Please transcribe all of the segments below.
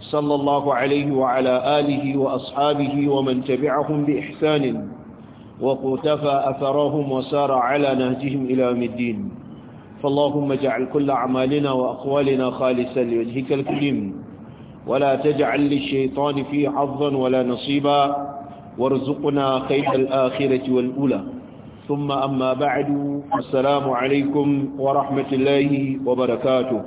صلى الله عليه وعلى آله وأصحابه ومن تبعهم بإحسان وقتفى أثرهم وسار على نهجهم إلى الدين فاللهم اجعل كل أعمالنا وأقوالنا خالصا لوجهك الكريم ولا تجعل للشيطان فيه حظا ولا نصيبا وارزقنا خير الآخرة والأولى ثم أما بعد السلام عليكم ورحمة الله وبركاته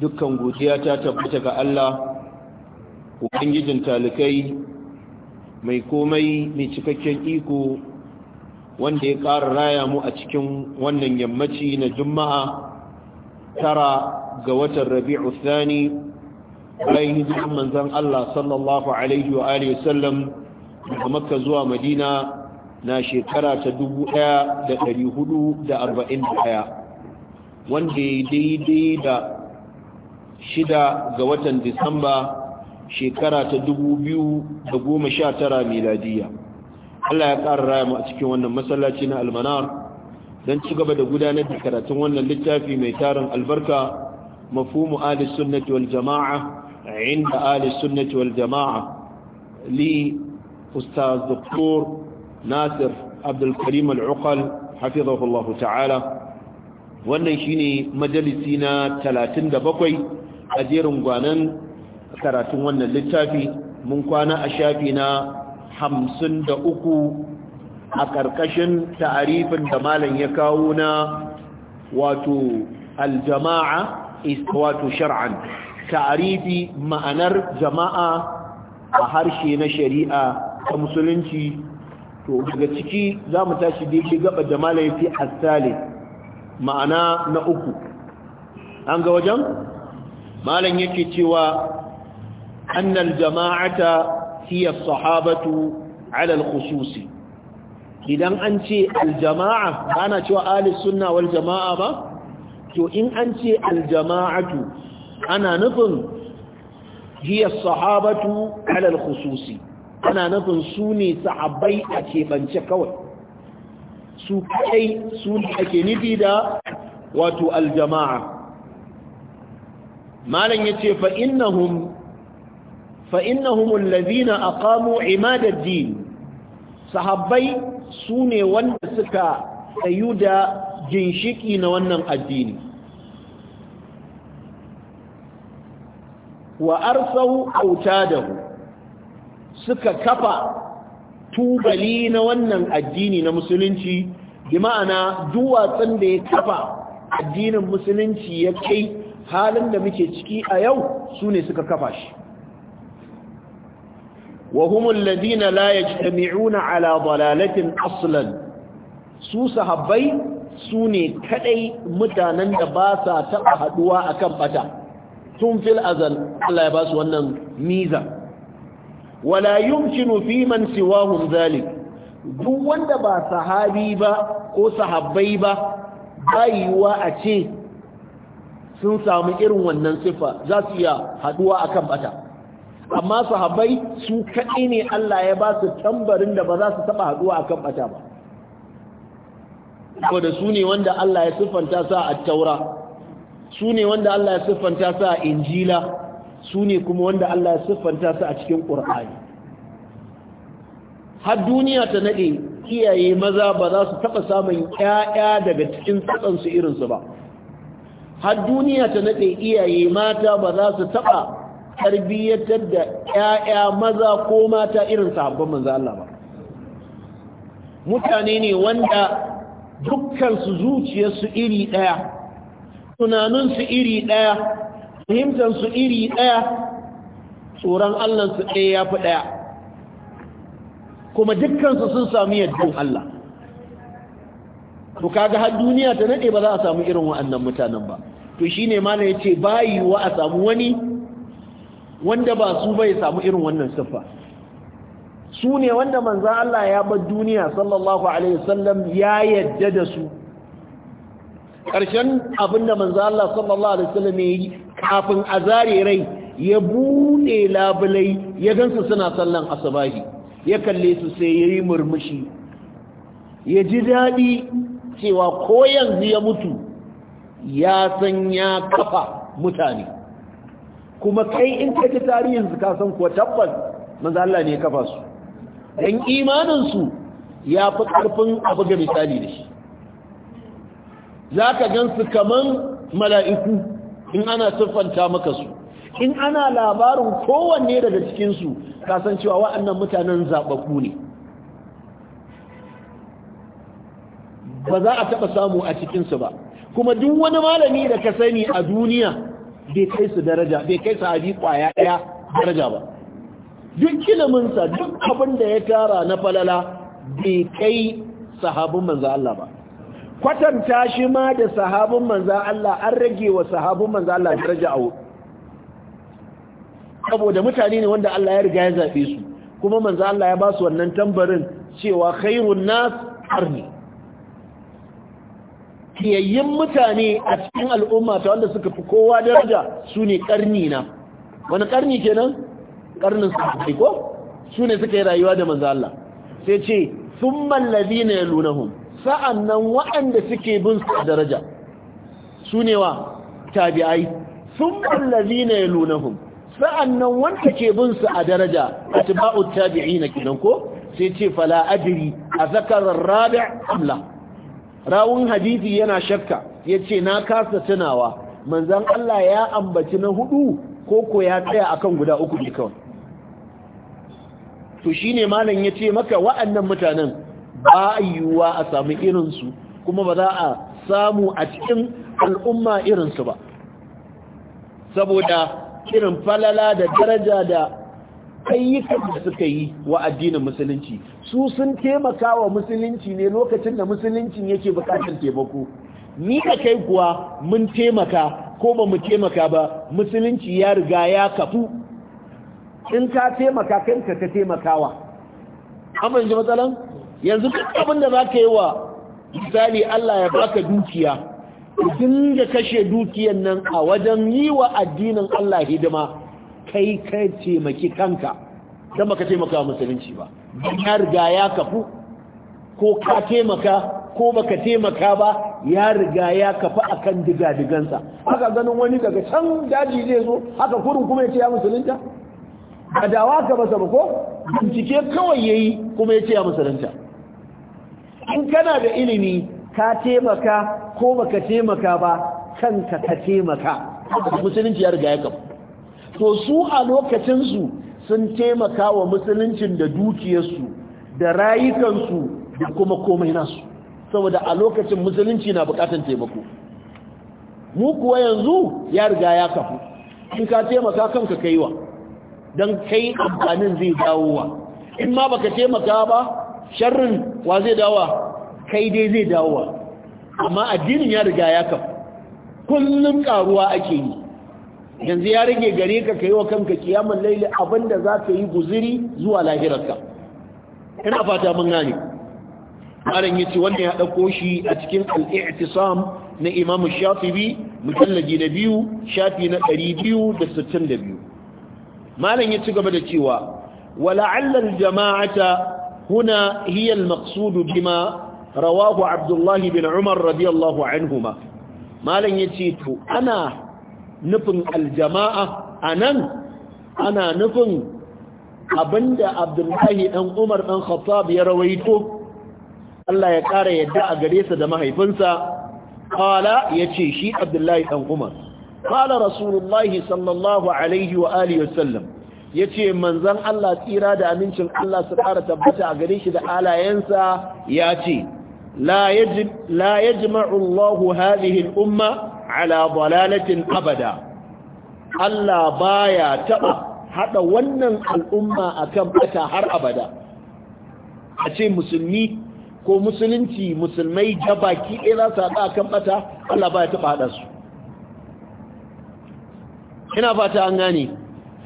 dukkan godiya ta tabbata ga Allah ubangijin talikai mai komai mai cikakken iko wanda ya ƙara raya mu a cikin wannan yammaci na juma'a tara ga watan rabi'u thani bayan hijiran manzan Allah sallallahu alaihi wa alihi wasallam daga makka zuwa madina na shekara ta 1441 wanda ya daidai da shida ga watan disamba shekara ta dubu biyu da goma sha tara miladiya Allah ya ƙara raya a cikin wannan masallaci na almanar don ci gaba da gudanar da karatun wannan littafi mai tarin albarka Mafumu ahli sunnati wal jama'a inda ahli sunnati wal jama'a li ustaz doktor nasir abdul karim al hafizahullahu ta'ala wannan shine majalisi na 37 a jerin gwanan karatun wannan littafi mun kwana a shafi na hamsin da uku a ƙarƙashin ta'arifin da malam ya kawo na wato aljama'a wato shar'an ta'arifi ma'anar jama'a a harshe na shari'a ta musulunci to daga ciki za mu tashi daidai gaba da malam ya fi ma'ana na uku an ga wajen malam yake cewa annal jama'ata hiya sahabatu ala al idan an ce aljama'a ana cewa ahlus sunna wal jama'a ba to in an ce aljama'atu ana nufin hiya sahabatu ala al ana nufin su ne sahabbai a keɓance kawai su kai su ake nufi da wato aljama'a malam yace fa innahum fa innahum allazina aqamu din, sahabbai sune wanda suka tsayu da ginshiki na wannan addini wa arsau autadahu suka kafa tubali na wannan addini na musulunci bi ma'ana duwatsun da ya kafa addinin musulunci ya kai halin da muke ciki a yau su ne suka kafa shi wa humul ladina la yajtami'una ala dalalatin aslan su sahabbai su ne kadai mutanen da ba sa taɓa haduwa akan bata tun fil azal Allah ya ba su wannan miza wala yumkinu fi man siwahum zalik duk wanda ba sahabi ba ko sahabbai ba bayuwa a ce sun samu irin wannan sifa za su iya haduwa kan bata amma sahabai su kaɗai ne Allah ya ba su tambarin da ba za su taɓa haduwa kan bata ba da su ne wanda Allah ya siffanta sa a taura su ne wanda Allah ya siffanta sa a injila su ne kuma wanda Allah ya siffanta sa a cikin ƙur'ani har duniya ta naɗe iyaye maza ba za su taɓa samun 'ya'ya daga cikin tsatsansu irinsu ba har duniya ta nade iyaye mata ba za su taba tarbiyyatar da ƴaƴa maza ko mata irin sahabban manzo Allah ba mutane ne wanda dukkan su zuciyarsu iri daya tunaninsu iri daya fahimtarsu iri daya tsoron Allahnsu ɗaya ya fi daya kuma dukkansu sun sami yadda Allah to kaga har duniya ta nade ba za a samu irin wa'annan mutanen ba to shine ma ya ce bayi wa a samu wani wanda ba su bai samu irin wannan siffa su ne wanda manzo Allah ya bar duniya sallallahu alaihi wasallam ya yadda da su ƙarshen abinda manzo Allah sallallahu alaihi wasallam yi kafin azare rai ya bude labulai ya gansu suna sallan asabahi ya kalle su sai yayi murmushi ya ji daɗi cewa ko yanzu ya mutu ya san ya kafa mutane kuma kai in ka ji tarihinsu ka san kuwa tabbas maza Allah ne ya kafa su dan imaninsu ya fi karfin abu ga misali da shi za ka gan su kaman mala'iku in ana siffanta maka su in ana labarin kowanne daga cikinsu cewa wa'annan mutanen zaɓaɓɓu ne ba za a taɓa samu a cikinsu ba kuma duk wani malami da ka sani a duniya bai kai su daraja bai kai kwaya ɗaya daraja ba duk iliminsa duk abin da ya tara na falala bai kai sahabin manza Allah ba kwatanta shi ma da sahabin manza Allah an rage wa sahabin manza Allah daraja a saboda mutane ne wanda Allah ya riga ya zaɓe su kuma manzo Allah ya ba su wannan tambarin cewa khairun nas arni fiyayyin mutane a cikin al'umma ta wanda suka fi kowa daraja su ne karni na wani karni ƙarnin karnin sahabbai ko su ne suka yi rayuwa da manzo Allah sai ce sun na na hun sa'an sa'annan waɗanda suke bin su daraja su ne wa tabi'ai na hun sa'an sa'annan wanda ke bin su a daraja tabi'i na kinan ko sai ce fala adri a zakarar rabi'a amla. rawun hadisi yana shakka ya ce na kasa tunawa manzan Allah ya ambaci na hudu ko ya tsaya akan guda uku ne kawai to shine malam ya ce maka wa'annan mutanen ba yiwuwa a samu irinsu kuma ba za a samu a cikin al'umma irinsu ba saboda irin falala da daraja da ayyukan da suka yi wa addinin musulunci su sun taimaka wa musulunci ne lokacin da musuluncin yake bukatar taimako ni da kai kuwa mun taimaka ko ba mu taimaka ba musulunci ya riga ya kafu in ka taimaka kanka ka taimakawa amma yanzu matsalan yanzu duk abin da za yi wa misali Allah ya baka dukiya dinga kashe dukiyan nan a wajen yi wa addinin Allah hidima kai ka taimaki kanka don baka taimaka musulunci ba don ya riga ya kafu ko ka taimaka ko baka taimaka ba ya riga ya kafu akan diga-digansa haka ganin wani daga can daji zai zo haka kurin kuma ya ce ya musulunta ba dawa ka basa ba ko bincike kawai ya yi kuma ya ce ya musulunta in kana da ilimi ka taimaka ko baka taimaka ba kanka ka taimaka musulunci ya riga ya kafu. to su a lokacinsu sun taimaka wa musuluncin da dukiyarsu da rayukansu da kuma komai nasu saboda a lokacin musulunci na bukatan taimako mu kuwa yanzu ya riga ya kafu in ka taimaka kanka kaiwa don kai amfanin zai dawo wa. in ma baka taimaka ba sharrin wa zai dawa kai dai zai dawo amma addinin ya riga ya kafu kullum karuwa ake yi yanzu ya rage gare ka kai wa kanka kiyamar laili abinda za ka yi guziri zuwa lahirarka ina fata mun gane malam ce wannan ya ɗauko shi a cikin al-i'tisam na Imam Shafi'i mutallaji na biyu shafi na biyu? malam ya ci gaba da cewa wala'alla jamaata huna hiyar maksudu bima rawahu Abdullahi bin Umar radiyallahu anhuma malam yace to ana nufin aljama'a a nan ana nufin abinda abdullahi ɗan umar ɗan khattab ya rawaito Allah ya ƙara yadda a gare sa da mahaifinsa kala ya ce shi abdullahi ɗan umar kala rasulullahi sallallahu alaihi wa alihi wasallam ya ce manzan Allah tsira da amincin Allah su ƙara tabbata a gare shi da alayensa ya ce لا يجب لا يجمع الله هذه الأمة على ضلالة أبدا ألا بايا تبع حتى ونن الأمة أكم أتا أبدا أتي مسلمي ko musulunci musulmai baki ɗaya za su haɗa a kan ɓata Allah ba ya taɓa haɗa su ina fata an gane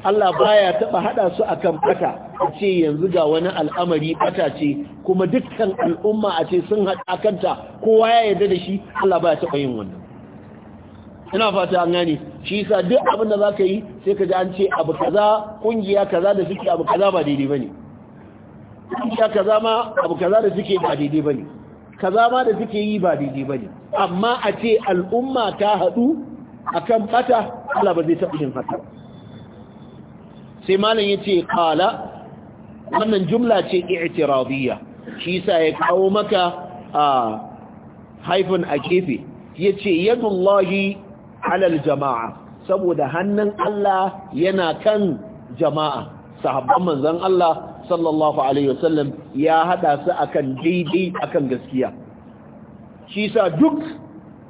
Allah ba ya taɓa haɗa su a kan ɓata a ce yanzu ga wani al'amari bata ce kuma dukkan al'umma a ce sun haɗa kanta kowa ya yarda da shi Allah ba ya taɓa yin wannan ina fata an gane shi yasa duk abin da zaka yi sai ka ji an ce abu kaza kungiya kaza da suke abu kaza ba daidai bane kungiya kaza ma abu kaza da suke ba daidai bane kaza ma da suke yi ba daidai bane amma a ce al'umma ta haɗu akan bata Allah ba zai taɓa yin haka sai malam yace qala wannan jumla ce i'tiradiyya shi sa ya kawo maka a haifin a kefe yace yadullahi alal jama'a saboda hannun Allah yana kan jama'a sahabban manzon Allah sallallahu alaihi wasallam ya hada su akan daidai akan gaskiya shi sa duk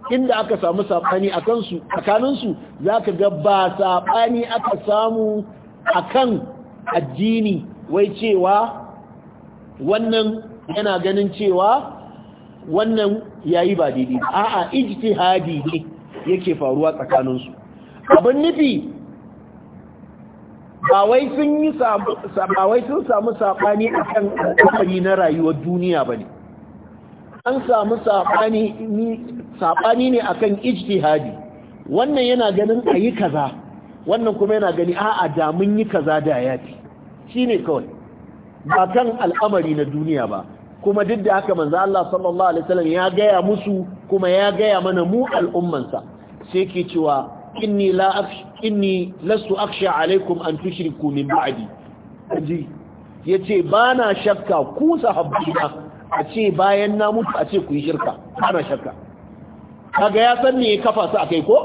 inda aka samu sabani akan su tsakanin su zaka ga ba sabani aka samu akan addini wai cewa wannan yana ganin cewa wannan yayi ba daidai a'a ijtihadi ne yake faruwa tsakaninsu abin nufi ba wai sun yi ba wai sun samu sabani akan al'amari na rayuwar duniya bane an samu sabani sabani ne akan ijtihadi wannan yana ganin ayi kaza wannan kuma yana gani a'a da mun yi kaza da yafi shine kawai ba kan al'amari na duniya ba kuma duk da haka manzo Allah sallallahu alaihi wasallam ya gaya musu kuma ya gaya mana mu al'ummansa sai ke cewa inni la afshi inni lastu akhsha alaikum an tushriku min ba'di aji yace bana shakka ku sahabbina a ce bayan na mutu a ce ku yi shirka bana shakka kaga ya san me kafa su akai ko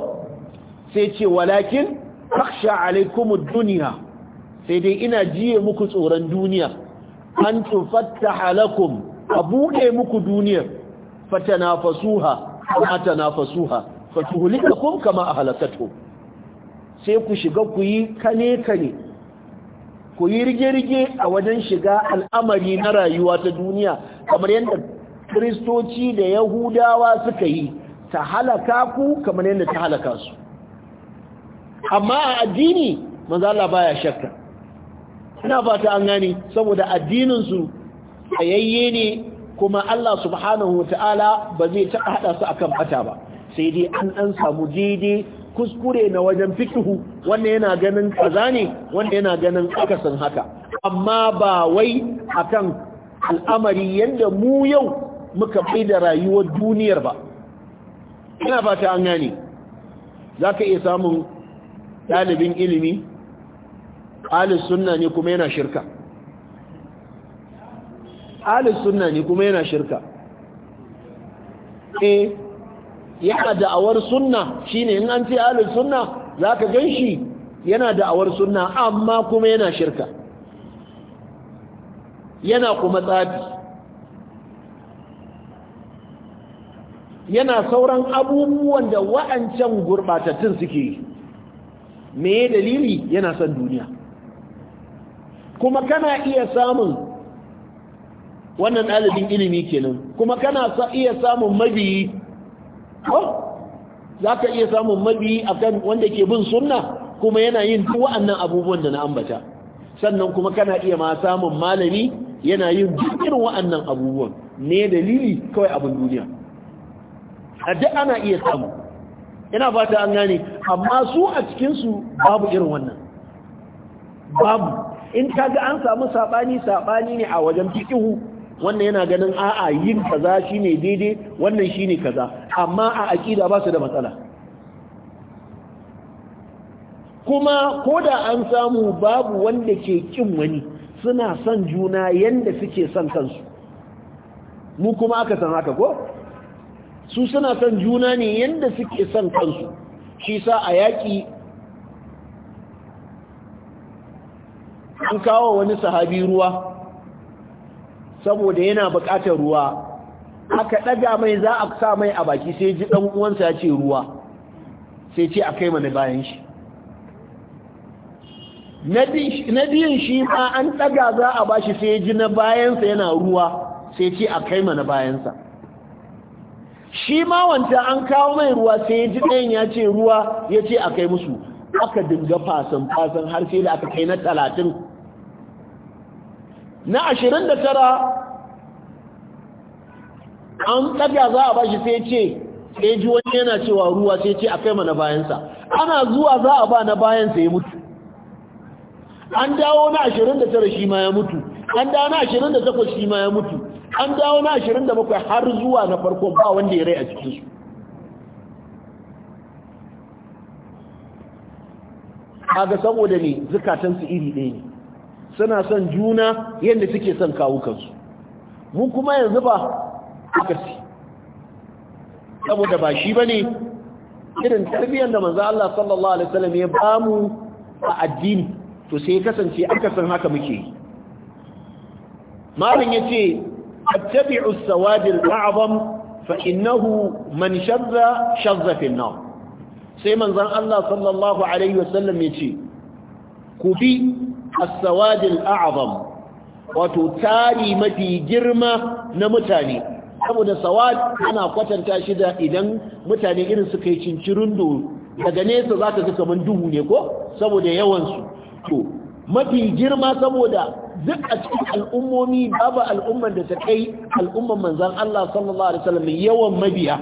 sai ce walakin akhsha alaikum ad-dunya sai dai ina jiye muku tsoron duniya an tufatta lakum a buɗe muku duniyar fatanafasuha kama tanafasuha fatuhlikakum kama ahlakatuhum sai ku shiga ku yi kane kane ku yi rige-rige a wajen shiga al'amari na rayuwa ta duniya kamar yadda kristoci da yahudawa suka yi ta halaka ku kamar yadda ta halaka su amma a addini manzo Allah baya shakka ina fata an gani saboda addinin su ayayye ne kuma Allah subhanahu wataala ba zai taɓa haɗa su akan bata ba sai dai an dan samu daidai kuskure na wajen fituhu, wanda yana ganin kaza ne wanda yana ganin akasin haka amma ba wai akan al'amari yadda mu yau muka bai da rayuwar duniyar ba ina fata an gane za ka iya samun ɗalibin ilimi ahli sunna ne kuma yana shirka ahli sunna ne kuma yana shirka eh da'awar sunna shine in an ce ahli sunna zaka ganshi yana da'awar sunna amma kuma yana shirka yana kuma tsafi yana sauran abubuwan da wa'ancan gurbatattun suke yi me dalili yana son duniya kuma kana iya samun wannan ɗalibin ilimi kenan kuma kana iya samun mabiyi ko za ka iya samun mabiyi akan wanda ke bin sunna kuma yana yin duk wa'annan abubuwan da na ambata sannan kuma kana iya ma samun malami yana yin duk irin wa'annan abubuwan ne dalili kawai abin duniya a duk ana iya samu ina fata an gane amma su a cikinsu babu irin wannan babu in ka ga an samu saɓani-saɓani ne a wajen fiqhu wannan yana ganin a'a yin kaza shine daidai wannan shine kaza amma a aqida ba su da matsala kuma koda an samu babu wanda ke ƙin wani suna son juna yanda suke son kansu mu kuma aka san haka ko su suna son juna ne yanda suke son kansu shi sa a yaƙi. an kawo wani sahabi ruwa saboda yana buƙatar ruwa aka ɗaga mai za a sa mai a baki sai ji ɗan uwansa ya ce ruwa sai ce a kai mana bayan shi na biyan shi ma an ɗaga za a bashi sai ji na bayansa yana ruwa sai ce a kai mana bayansa shi ma wanta an kawo mai ruwa sai ji ɗayan ya ce ruwa ya ce a kai musu aka dinga fasan fasan har sai da aka kai na talatin na 29 an tsaka za a bashi sai ce sai ji wani yana cewa ruwa sai ce a kai na bayansa ana zuwa za a ba na bayansa ya mutu an dawo na 29 shi ma ya mutu an dawo na 28 shi ma ya mutu an dawo na 27 har zuwa na farko ba wanda ya rai a cikinsu ga saboda ne zukatansu iri ɗaya ne suna son juna yadda suke son kawukansu mu kuma yanzu ba akasi saboda ba shi ba ne irin tarbiyyar da manzo Allah sallallahu alaihi wasallam ya bamu a addini to sai kasance akasin haka muke malin yace tattabi'u as-sawad al-a'zam fa innahu man shadda shadda fi an-nar sai manzon Allah sallallahu alaihi wasallam yace ku bi as-sawadil a'zam wato tari mafi girma na mutane saboda sawad ana kwatanta shi da idan mutane irin suka yi cincirindo daga nesa zaka ga man duhu ne ko saboda yawansu. to mafi girma saboda duk a cikin al'ummomi babu al'umman da ta kai al'umman manzan Allah sallallahu alaihi wasallam yawan mabiya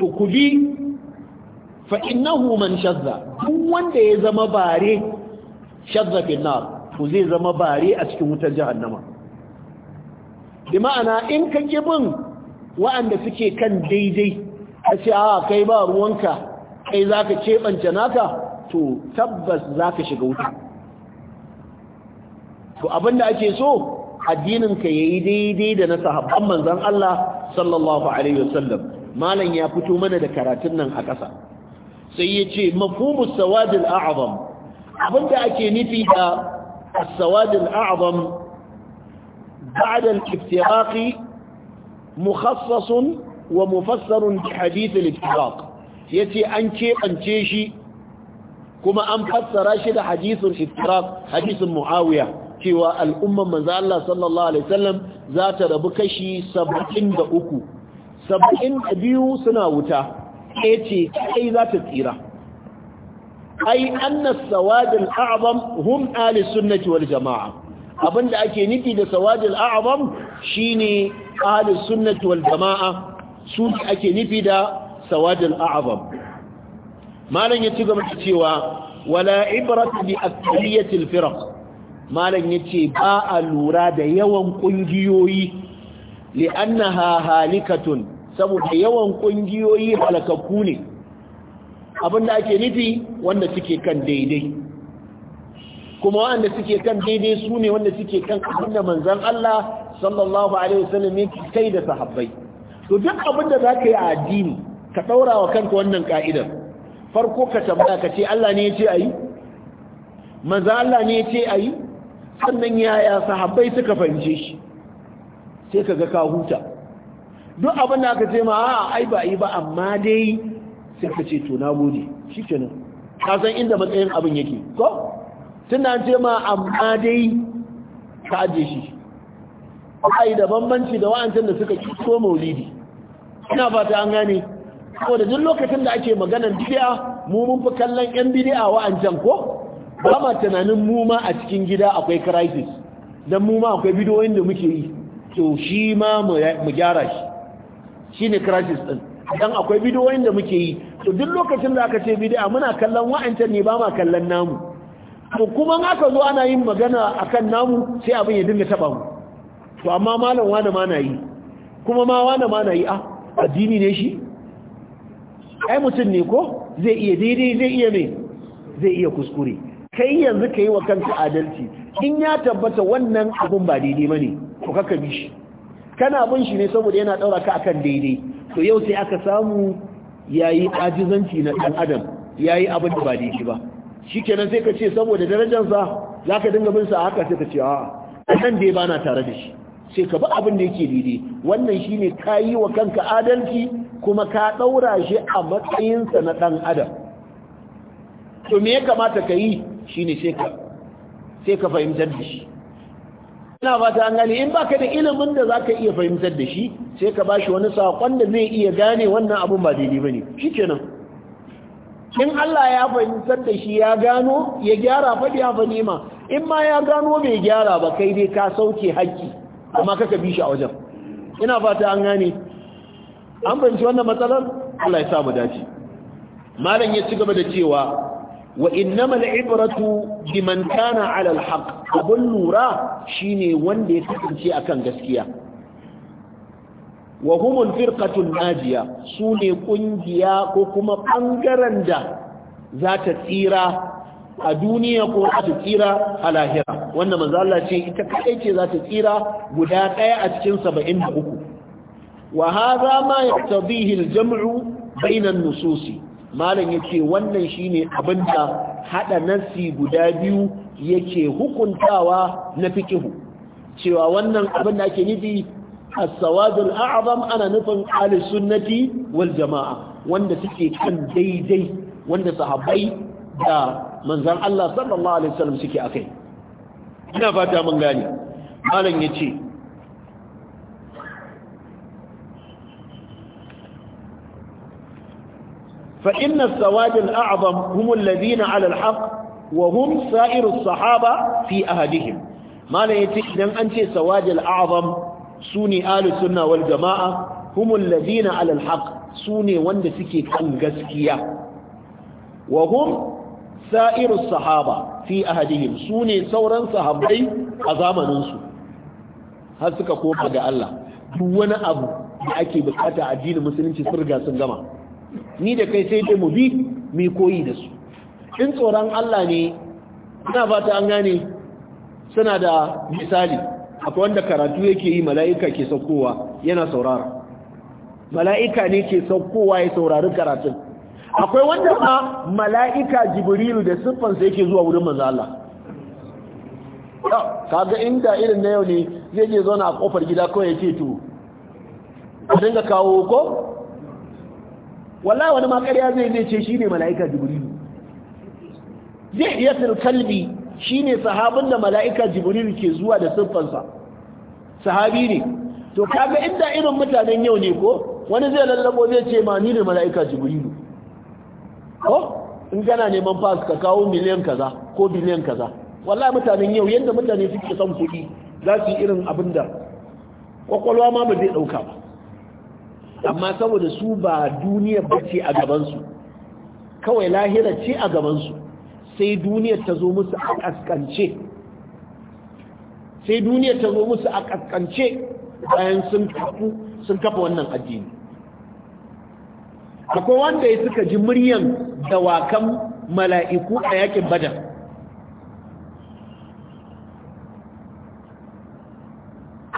to kubi fa innahu man shazza duk wanda ya zama bare shadda fil ku to zai zama bari a cikin wutar jahannama bi ma'ana in ka kibin wa'anda suke kan daidai a ce a ah, kai ba ruwanka kai zaka keɓance naka to tabbas zaka shiga wuta to abinda ake so addininka yayi daidai da na sahabban manzon Allah sallallahu alaihi wasallam malam ya fito mana da karatun nan a ƙasa sai ya ce mafhumus sawadil a'zam abinda ake nufi da as-sawad al-a'zam ba'da wa mufassarun bi hadith yace an kebance shi kuma an fassara shi da hadithul iftiraq hadithun muawiya cewa al'umman manzo Allah sallallahu alaihi wasallam za ta rabu kashi da biyu suna wuta ce kai za ta tsira ai anna sawadul a'zam hum ahli sunnati wal jamaa abinda ake nufi da sawadul a'zam shine ahli sunnati wal jamaa su ake nufi da sawadul a'zam Malam ya ci gaba da cewa wala ibrata bi akthiyatil firaq malan yace ba a lura da yawan kungiyoyi li'annaha halikatun saboda yawan ƙungiyoyi halakakku ne abinda ake nufi wanda suke kan daidai kuma wanda suke kan daidai su ne wanda suke kan abinda manzan Allah sallallahu alaihi wasallam yake kai da sahabbai to duk abinda ka yi a addini ka daura wa kanka wannan ka'idar farko ka tambaya ka ce Allah ne ya ce a yi? manzan Allah ne ya ce a yi? sannan yaya sahabbai suka fahimce shi sai ka ga ka huta duk abin da aka ce ma a ai ba yi ba amma dai sai ka ce to na gode shi nan ka san inda matsayin abin yake ko an ce ma amma dai ka aje shi ai da bambanci da wa'ancan da suka kiso maulidi ina fata an gane ko da duk lokacin da ake maganar bid'a mu mun fi kallon yan bid'a wa'ancan ko ba ma tunanin mu ma a cikin gida akwai crisis dan mu ma akwai bidiyoyin da muke yi to shi ma mu gyara shi shine crisis din dan akwai bidiyoyin da muke yi to duk lokacin da aka ce bid'a muna kallon wa'ancan ne ba ma kallon namu to kuma ma aka zo ana yin magana akan namu sai abin ya dinga taba mu to amma malam wani ma na yi kuma ma wani ma na yi a ah, addini ne shi ai mutum ne ko zai iya daidai zai iya mai zai iya kuskure kai yanzu ka yi wa kanka adalci in ya tabbata wannan abun ba daidai ba ne ko kaka bi shi kana bin shi ne saboda yana ɗaura ka akan daidai to yau sai aka samu Ya yi ajizanci na ɗan adam ya yayi abin da ba shi ba shi kenan sai ka ce saboda darajarsa ka dinga bin sa haka sai ka ce a nan dai na tare da shi sai ka bi abin da yake daidai wannan shi ne ka yi wa kanka adalci kuma ka ɗaura shi a matsayinsa na ɗan adam to me ya kamata ka yi shi ne sai ka fahimtar da shi ina ba ta gane in baka da ilimin da za ka iya fahimtar da shi sai ka bashi wani sakon da zai iya gane wannan abun ba daidai bane shikenan in Allah ya fahimtar da shi ya gano ya gyara fa ya fa nima in ma ya gano bai gyara ba kai dai ka sauke haƙƙi amma kaka bi shi a wajen ina fata an gane an fahimci wannan matsalar Allah ya sa mu dace malam ya ci gaba da cewa wa innama al'ibratu biman kana ala alhaq abun lura shine wanda ya kasance akan gaskiya Wahumun firkatun firqatul najiya sune ƙungiya ko kuma bangaren da za ta tsira a duniya ko za ta tsira a lahira Wanda manzo ce ita kai ce za ta tsira guda ɗaya a cikin 73 wa hadha ma yaqtadihi al-jam'u bainan nususi malam yace wannan shine abin da hada nasi guda biyu yake hukuntawa na fikihu cewa wannan abin da ake nufi as-sawadul a'zam ana nufin Ali sunnati wal jama'a wanda suke kan daidai wanda sahabbai da manzon Allah sallallahu alaihi wasallam suke akai ina fata mun gane malam yace فإن السواد الأعظم هم الذين على الحق وهم سائر الصحابة في أهدهم ما لا يتحدن أنت سواد الأعظم سوني آل السنة والجماعة هم الذين على الحق سوني واندسكي كان قسكية وهم سائر الصحابة في أهدهم سوني سورا صحابي أظاما ننسو هل سكا قوم حق الله دون أبو أكي بكاتا عجين مسلمين سرقا سنجمع ni da kai sai dai mu bi mu koyi da su in tsoron Allah ne ina fata an gane suna da misali akwai wanda karatu yake yi mala'ika ke saukowa yana saurara mala'ika ne ke saukowa ya saurari karatun akwai wanda ba mala'ika jibrilu da siffansa yake zuwa wurin manzo Allah kaga inda irin na yau ne zai je zauna a kofar gida kawai ya ce to a dinga kawo ko wala wani ma ƙarya zai zai ce ne mala'ika jibrilu zihiyatul kalbi ne sahabin da mala'ika jibrilu ke zuwa da siffansa sahabi ne to kaga inda irin mutanen yau ne ko wani zai lallabo zai ce ma ni ne mala'ika jibrilu ko in gana neman fas ka kawo miliyan kaza ko biliyan kaza wallahi mutanen yau yadda mutane suke son kuɗi za su yi irin abin da kwakwalwa ma ba zai ɗauka ba amma saboda su ba duniyar bace a gabansu kawai lahira ce a gabansu sai duniya ta zo musu a kaskance sai duniyar ta zo musu a kaskance bayan sun kafu sun kafa wannan addini akwai wanda ya suka ji muryan dawakan mala'iku a yakin badar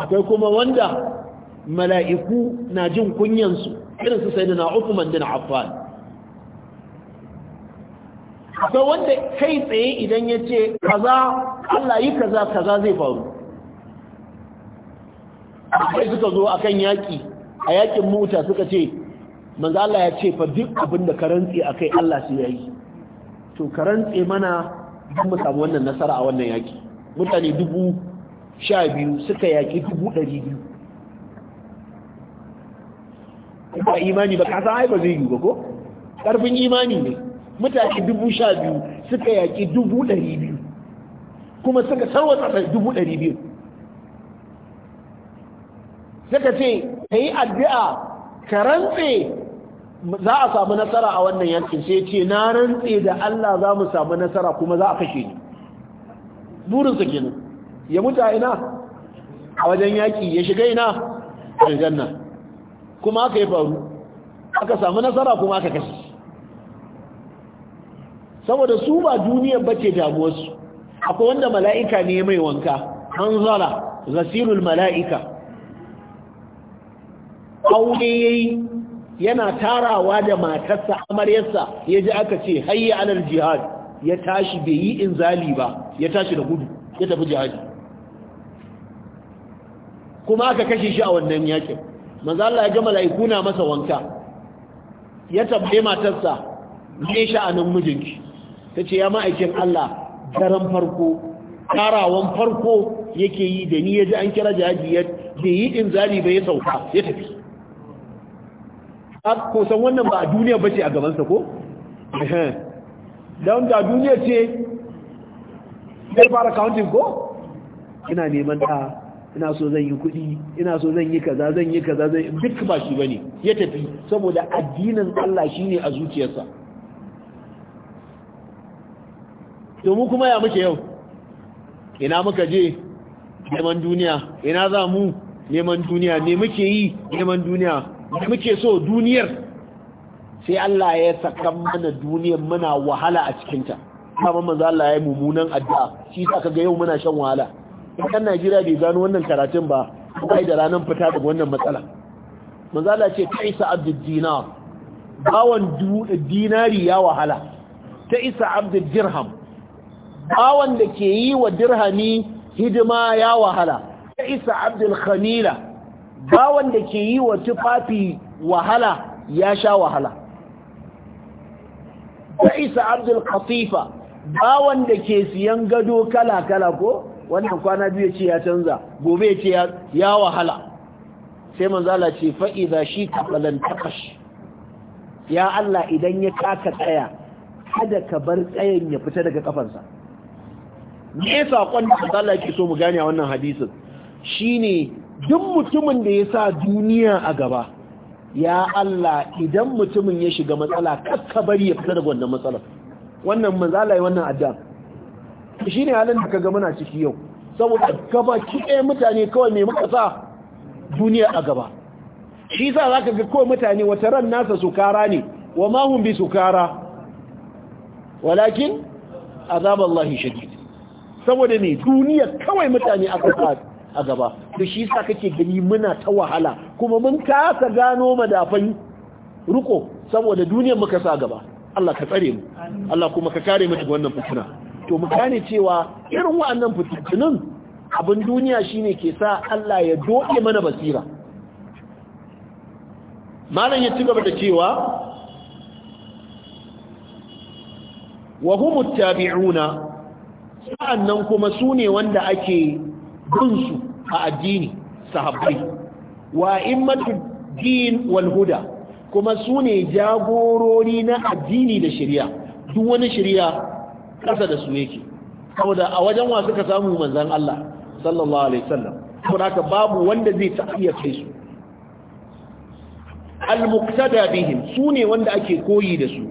akwai kuma wanda mala'iku na jin kunyansu irin su sai na Uthman bin Affan akwai wanda kai tsaye idan ya ce kaza Allah yi kaza kaza zai faru akwai suka zo a kan yaƙi a yaƙin mota suka ce manzo Allah ya ce fa duk abin da ka rantse akai Allah sai yayi to karantse mana don mu samu wannan nasara a wannan yaƙi mutane dubu sha biyu suka yaƙi dubu ɗari biyu ba imani ba kasa ai ba zai yi ba ko Ƙarfin imani ne mutane dubu sha biyu suka yaƙi dubu ɗari biyu kuma suka tarwata dubu ɗari biyu suka ce ka yi addu'a ka rantse za a samu nasara a wannan yankin sai ce na rantse da Allah za mu samu nasara kuma za a kashe ni burinsa kenan ya mutu a ina a wajen yaƙi ya shiga ina aljanna kuma aka yi faru aka samu nasara kuma aka kashe saboda su ba duniyar bace damuwarsu akwai wanda mala'ika ne mai wanka hanzara zasirul mala'ika aure yayi yana tarawa da matarsa amaryarsa ya ji aka ce hayi alal jihad ya tashi bai yi in zali ba ya tashi da gudu ya tafi jihadi kuma aka kashe shi a wannan yakin manzo Allah ya ga mala'iku na masa wanka ya tambaye matarsa me sha'anin mijinki tace ya ma'aikin Allah daren farko karawan farko yake yi da ni yaji an kira jaji ya da yi inzali bai sauka ya tafi ko san wannan ba a duniya bace a gaban sa ko don da duniya ce zai fara counting ko ina neman ta ina so zan yi kuɗi ina so zan yi kaza zan yi kaza zan duk ba shi bane ya tafi saboda addinin Allah shine a zuciyarsa to mu kuma ya muke yau ina muka je neman duniya ina za mu neman duniya ne muke yi neman duniya muke so duniyar sai Allah ya saka mana duniyar muna wahala a cikinta kuma manzo Allah ya yi mummunan addu'a shi ka ga yau muna shan wahala in kan najeriya bai gano wannan karatun ba bai da ranar fita daga wannan matsala manzala ce ta isa abdul dinar bawan dinari ya wahala ta isa abdul dirham bawan da ke yi wa dirhami hidima ya wahala ta isa abdul khamila bawan da ke yi wa tufafi wahala ya sha wahala ta isa abdul khatifa bawan da ke siyan gado kala-kala ko wannan kwana biyu ce ya canza gobe ya ce ya wahala sai manzala ce fa'iza shi kafalan takash ya Allah idan ya kaka tsaya kada ka bar tsayin ya fita daga kafansa me saƙon da manzala ke so mu gane a wannan hadisin shine duk mutumin da ya sa duniya a gaba ya Allah idan mutumin ya shiga matsala kakka bari ya fita daga wannan matsalar wannan manzala yi wannan addu'a shi ne halin da kaga muna ciki yau saboda gaba kiɗe mutane kawai mai muka sa duniya a gaba shi sa za ka ga kawai mutane wata ran nasa sukara ne wa mahun bi sukara walakin azaballahi shadid saboda ne duniya kawai mutane a kasa a gaba da shi sa kake gani muna ta wahala kuma mun kasa gano madafan ruko saboda duniyar muka sa gaba Allah ka tsare mu Allah kuma ka kare mu daga wannan fitina to mu gane cewa irin wa'annan fitattunin abin duniya shine ke sa Allah ya doke mana basira malam ya ci gaba da cewa wa humu tabi'una sa'annan kuma su ne wanda ake binsu a addini sahabbai wa immatu din wal huda kuma su ne jagorori na addini da shari'a duk wani shari'a kasa da su yake saboda a wajen wa suka samu manzan Allah sallallahu alaihi wasallam saboda haka babu wanda zai ta kai su al-muqtada bihim ne wanda ake koyi da su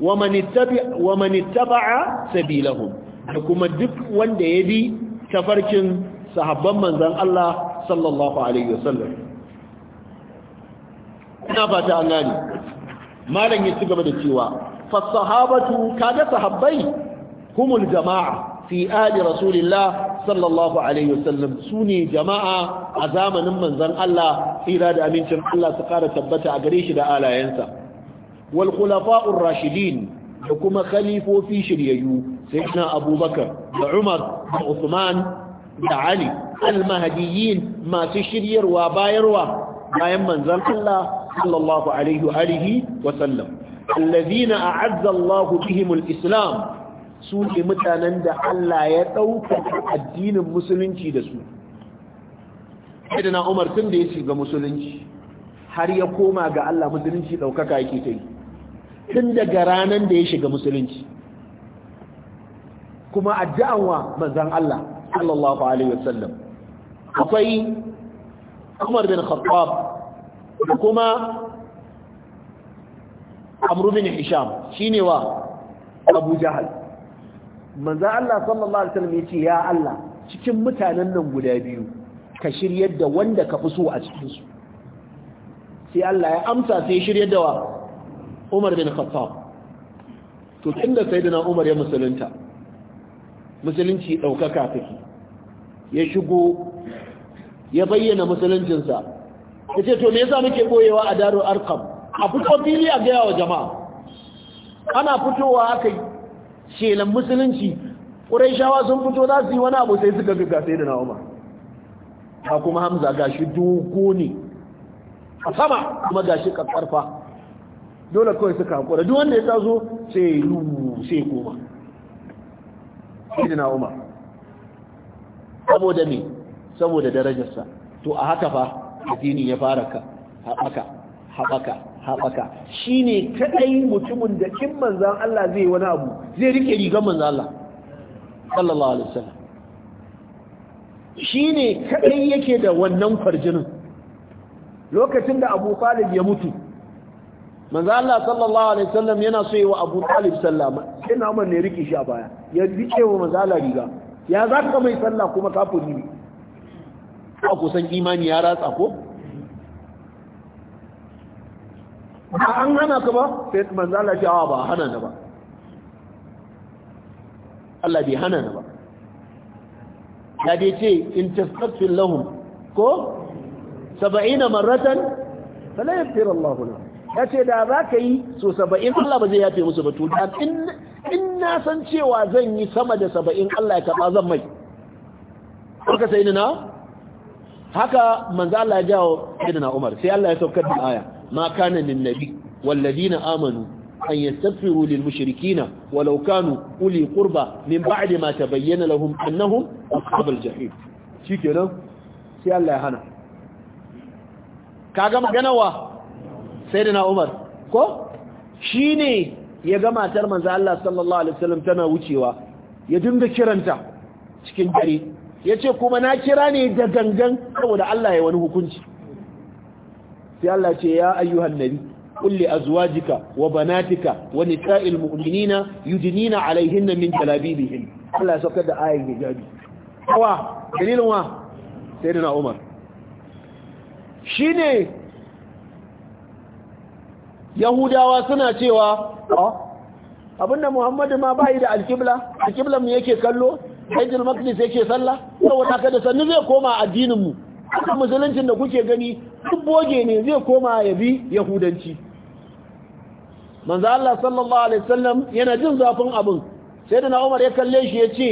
wa man ittaba'a wa man ittaba'a sabilahum da kuma duk wanda ya bi tafarkin sahabban manzan Allah sallallahu alaihi wasallam ina fata an gani malam ya ci gaba da cewa fa sahabatu kaga sahabbai humul jama'a fi ali rasulillah sallallahu alaihi wasallam sune jama'a a zamanin manzon Allah tsira da abincin Allah su kara tabbata a gare shi da alayensa wal khulafa'ur rashidin da kuma khalifofi shiryayyu sayyidina abubakar da umar da usman da ali al-mahdiyyin masu shiryarwa bayarwa bayan manzan Allah sallallahu alaihi wa sallam alladhina a'azza Allah bihim islam su ne mutanen da Allah ya ɗauka addinin musulunci da su na umar tun da ya shiga musulunci har ya koma ga Allah musulunci ɗaukaka yake ta yi tun daga ranar da ya shiga musulunci kuma addu'anwa manzan Allah sallallahu alaihi wasallam akwai Umar bin Khattab da kuma Amrubin bin Hisham shine wa Abu Jahal manzo Allah sallallahu alaihi wasallam yace ya Allah cikin mutanen nan guda biyu ka shiryar da wanda ka fi so a cikin su sai Allah ya amsa sai shiryar da wa Umar bin Khattab to tunda sayyidina Umar ya musulunta musulunci daukaka take ya shigo ya bayyana musuluncinsa sa ce to me yasa muke boyewa a daro arkam a fito fili a gaya wa jama'a ana fitowa aka shelan musulunci ƙuraishawa sun fito za su yi wani abu sai suka fi gasa da na'uma ha kuma hamza gashi dogo ne a sama kuma gashi ƙarfa dole kawai suka haƙura duk wanda ya tazo sai lu sai koma da na'uma saboda me saboda darajarsa to a haka fa addini ya fara ka haɓaka haɓaka haɓaka shine kaɗai mutumin da kin manzan Allah zai wani abu zai rike rigar manzan Allah sallallahu alaihi wasallam shine kaɗai yake da wannan farjinin lokacin da Abu Talib ya mutu manzan Allah sallallahu alaihi wasallam yana so yi wa Abu Talib sallama sai na Umar ne rike shi a baya ya rike wa manzan Allah riga ya ka mai sallah kuma kafiri ne a kusan imani ya ratsa ko ba an hana ka ba sai manzo Allah ce a ba hana ni ba Allah bai hana ni ba ya dai ce in tastaghfir lahum ko 70 maratan fala yaghfir Allah lahum ya ce da za ka yi so saba'in Allah ba zai yafe musu ba to da in na san cewa zan yi sama da saba'in Allah ya karɓa zan mai haka sai na haka manzo Allah ya jawo sai na Umar sai Allah ya saukar da aya ma kana lin nabi amanu an yastaghfiru lil mushrikina walau kanu uli qurba min ba'di ma tabayyana lahum annahum ashabul jahim shikenan sai Allah ya hana kaga magana sayyidina Umar ko shine ya ga matar manzo Allah sallallahu alaihi wasallam tana wucewa ya dinga kiranta cikin dare yace kuma na kira ne da gangan saboda Allah ya wani hukunci sai Allah ce ya ayyuhan nabi qul li azwajika wa banatika wa nisa'il mu'minina yudnina alaihinna min jalabibihin Allah ya saukar da ayar hijabi kawa dalilin wa sayyidina Umar shine Yahudawa suna cewa oh, abinda Muhammadu ma bai da alkibla alkibla mu yake kallo Baitul Maqdis yake sallah saboda kada sannu zai koma addinin mu haka musuluncin da kuke gani duk boge ne zai koma ya bi yahudanci manzo Allah sallallahu alaihi wasallam yana jin zafin abin sai da Umar ya kalle shi ya ce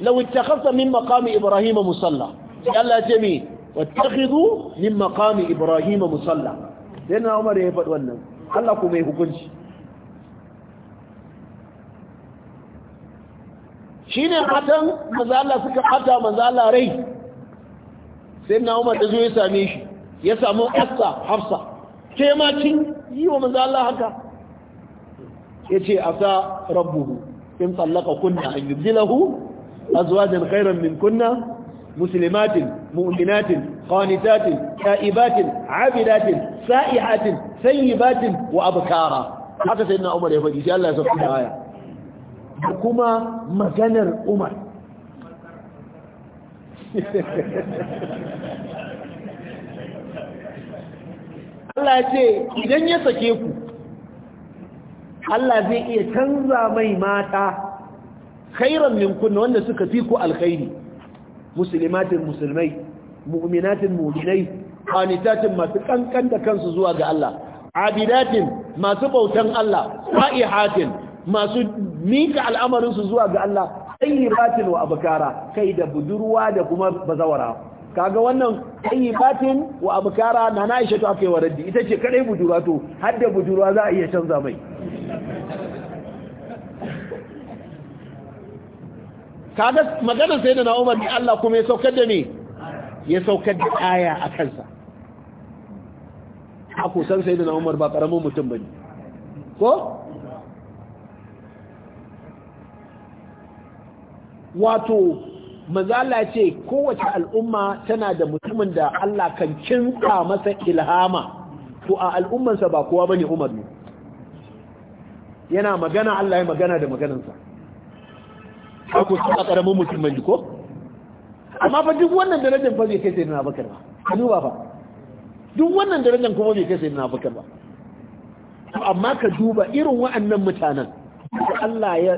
law ittakhadha min maqami ibrahim musalla Allah ya ce mi wattakhidhu min maqami ibrahim musalla sai da Umar ya faɗi wannan Allah ku mai hukunci shine matan manzo Allah suka fata manzo Allah rai sai na umar da zo ya same shi ya samu asa hafsa ke ma yi wa manzo Allah haka yace asa rabbuhu in tsallaka kunna an yubdilahu azwajan khairan min kunna muslimatin mu'minatin qanitatin ta'ibatin abidatin sa'ihatin sayyibatin wa abkara haka na umar ya faɗi sai Allah ya sauka da aya kuma maganar umar Allah ce idan ya sake ku Allah zai iya canza mai mata khairan minkunna wanda suka fi ku alkhairi muslimatin musulmai mu'minatin mu'minai qanitatin masu kankan da kansu zuwa ga Allah abidatin masu bautan Allah fa'ihatin masu mika al'amarin su zuwa ga Allah batin wa abkara kai da budurwa da kuma bazawara kaga wannan batin wa abkara na Aisha ta kai waraddi ita ce kadai budurwa to har da budurwa za a iya canza mai kaga maganar sai da na Umar ni Allah kuma ya saukar da me ya saukar da aya a kansa a kusan sai da na Umar ba karamin mutum bane ko wato mazala ce kowace al'umma tana da mutumin da Allah kan kinsa masa ilhama to a al'ummansa ba kowa bane Umar ne yana magana Allah ya magana da maganansa ko ku a ƙaramin mutum mai ko amma fa duk wannan darajar fa bai kai sai na bakar ba kanu ba fa duk wannan darajar kuma bai kai sai na bakar ba amma ka duba irin wa'annan mutanen Allah ya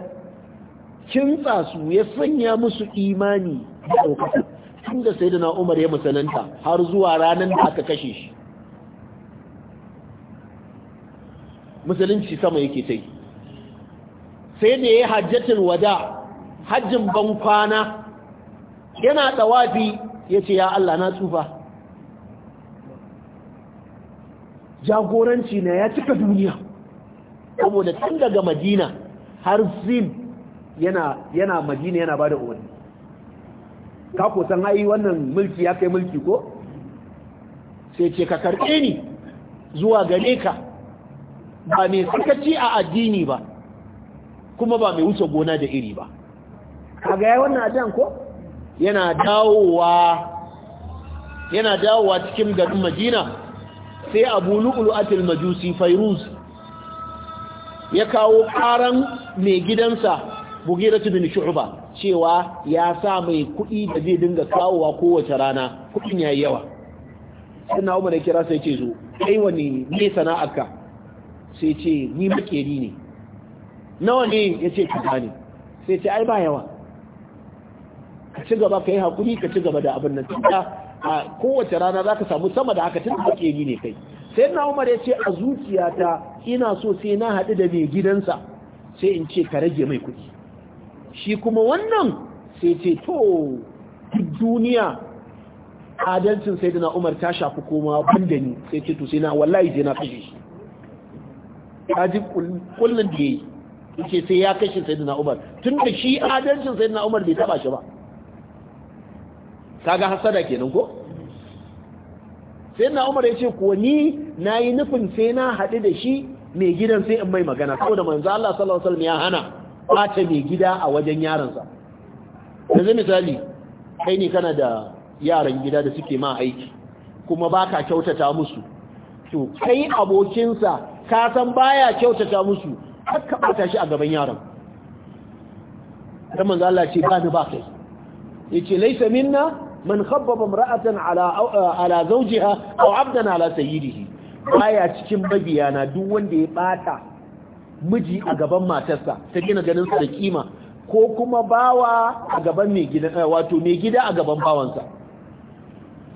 kintsa su ya sanya musu imani da ɗaukaka tun da sai na umar ya musananta har zuwa ranar da aka kashe shi musulunci sama yake ta yi sai da ya yi hajjatin wada hajjin ban kwana yana tsawafi ya ce ya Allah na tsufa jagoranci na ya cika duniya saboda tun daga madina har zin yana madina yana bada umarni ka ko san wannan mulki ya kai mulki ko sai ce ka karbe ni zuwa gare ka ba mai sarkaci a addini ba kuma ba mai wuce gona da iri ba kaga yayi wannan ajan ko yana dawowa yana dawowa cikin garin Madina sai Abu atil Majusi Fairuz ya kawo karan mai gidansa Mughira bin Shu'ba cewa ya sa mai kuɗi da zai dinga kawowa kowace rana kuɗin yayi yawa sannan Umar ya kira sai ce zo kai wani ne sana'arka sai ce ni makeri ne nawa ne yace ka ne sai ce ai ba yawa ka ci gaba kai hakuri ka ci gaba da abin nan tunda a kowace rana zaka samu sama da haka da makeri ne kai sai na Umar ya ce a zuciyata ina so sai na haɗu da mai gidansa sai in ce ka rage mai kuɗi shi kuma wannan sai ce to duniya adalcin sai da umar ta shafi koma banda ni sai ce to sai na wallahi je na kashe shi ta ji kullum da ya yi ce sai ya kashe sai da umar tun da shi adalcin sai da umar bai taba shi ba ta ga hasada kenan ko sai na umar ya ce kuwa ni na yi nufin sai na haɗu da shi mai gidan sai in mai magana saboda manzo Allah sallallahu alaihi wasallam ya hana Bata mai gida a wajen yaransa yanzu misali kai ne kana da yaran gida da suke ma aiki kuma ba ka kyautata musu to kai abokinsa ka san baya kyautata musu har ka ɓata shi a gaban yaran kamar zala ce ba ni ba kai yace laisa minna man khabbaba imra'atan ala ala zawjiha aw 'abdan ala sayyidihi baya cikin na duk wanda ya ɓata. miji a gaban matarsa ta gina ganin sa da kima ko kuma bawa a gaban mai gida eh, wato mai gida a gaban bawansa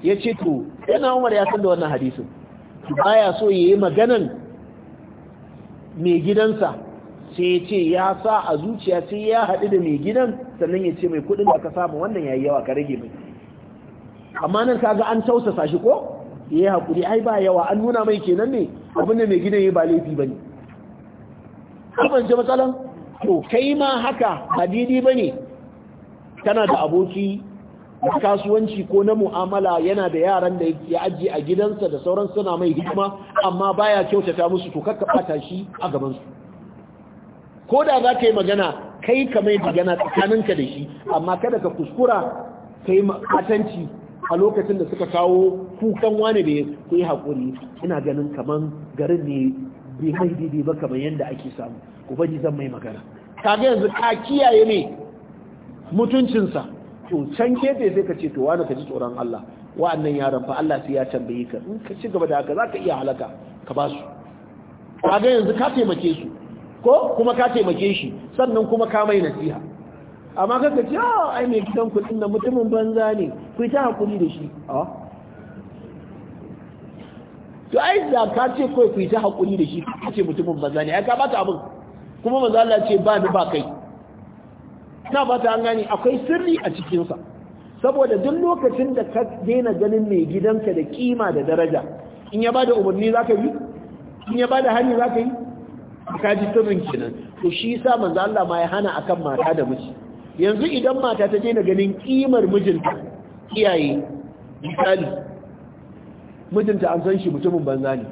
ya ce to yana umar ya san da wannan hadisin baya so ya yi maganan mai gidansa sai ya ce ya sa a zuciya sai ya haɗu da mai gidan sannan ya ce mai kuɗin da ka samu wannan ya yi yawa ka rage mai amma nan kaga an tausasa shi ko ya yi haƙuri ai ba yawa an nuna mai kenan ne abinda mai gidan ya ba laifi ba ne abin matsalan to kai ma haka ba daidai ba ne tana da aboki na kasuwanci ko na mu'amala yana da yaran da ya ajiye a gidansa da sauran suna mai hikima amma baya kyautata musu to kakka bata shi a gabansu ko da za ka yi magana kai ka mai magana tsakaninka da shi amma kada ka kuskura ka yi matanci a lokacin da suka kawo kukan wani da ya yi haƙuri ina ganin kaman garin ne bai mai daidai ba kamar yadda ake samu ubangi zan mai magana kaga yanzu ka kiyaye ne mutuncinsa to can kefe sai ka ce to wani ka ji tsoron Allah wa'annan yaran fa Allah sai ya tambaye ka in ka ci gaba da haka zaka iya halaka ka ba su kaga yanzu ka taimake su ko kuma ka taimake shi sannan kuma ka mai nasiha amma kaga ce ah, ai mai gidan kuɗin nan mutumin banza ne ku ta hakuri da shi a ah. to ai da ka ce kai ku yi ta hakuri da shi ka ce mutumin banza ne ai ka bata abin kuma manzo Allah ce ba ni ba kai na bata an gani akwai sirri a cikin sa saboda duk lokacin da ka daina ganin mai gidanka da kima da daraja in ya bada umarni zaka yi in ya bada hani zaka yi ka ji sirrin kenan to shi yasa manzo Allah ma ya hana akan mata da miji yanzu idan mata ta daina ganin kimar mijinta iyaye misali mijinta an san shi mutumin banza ne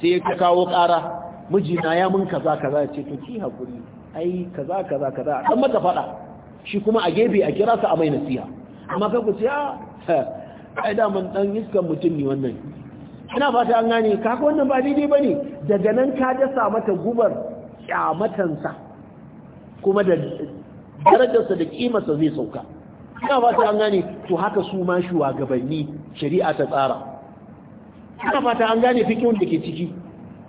sai ya kawo ƙara mijina ya mun kaza kaza ya ce to ki hakuri ai kaza kaza kaza dan mata fada shi kuma a gefe a kira sa a mai nasiha amma kai ku ce ah, a ai da mun dan iskan mutum ne wannan ina fata an gane Ka ga wannan ba daidai bane daga nan ka dasa mata gubar kyamatansa kuma da sa da sa zai sauka ina fata an gane to haka su ma gabanni shari'a ta tsara ina fata an gane fiki da ke ciki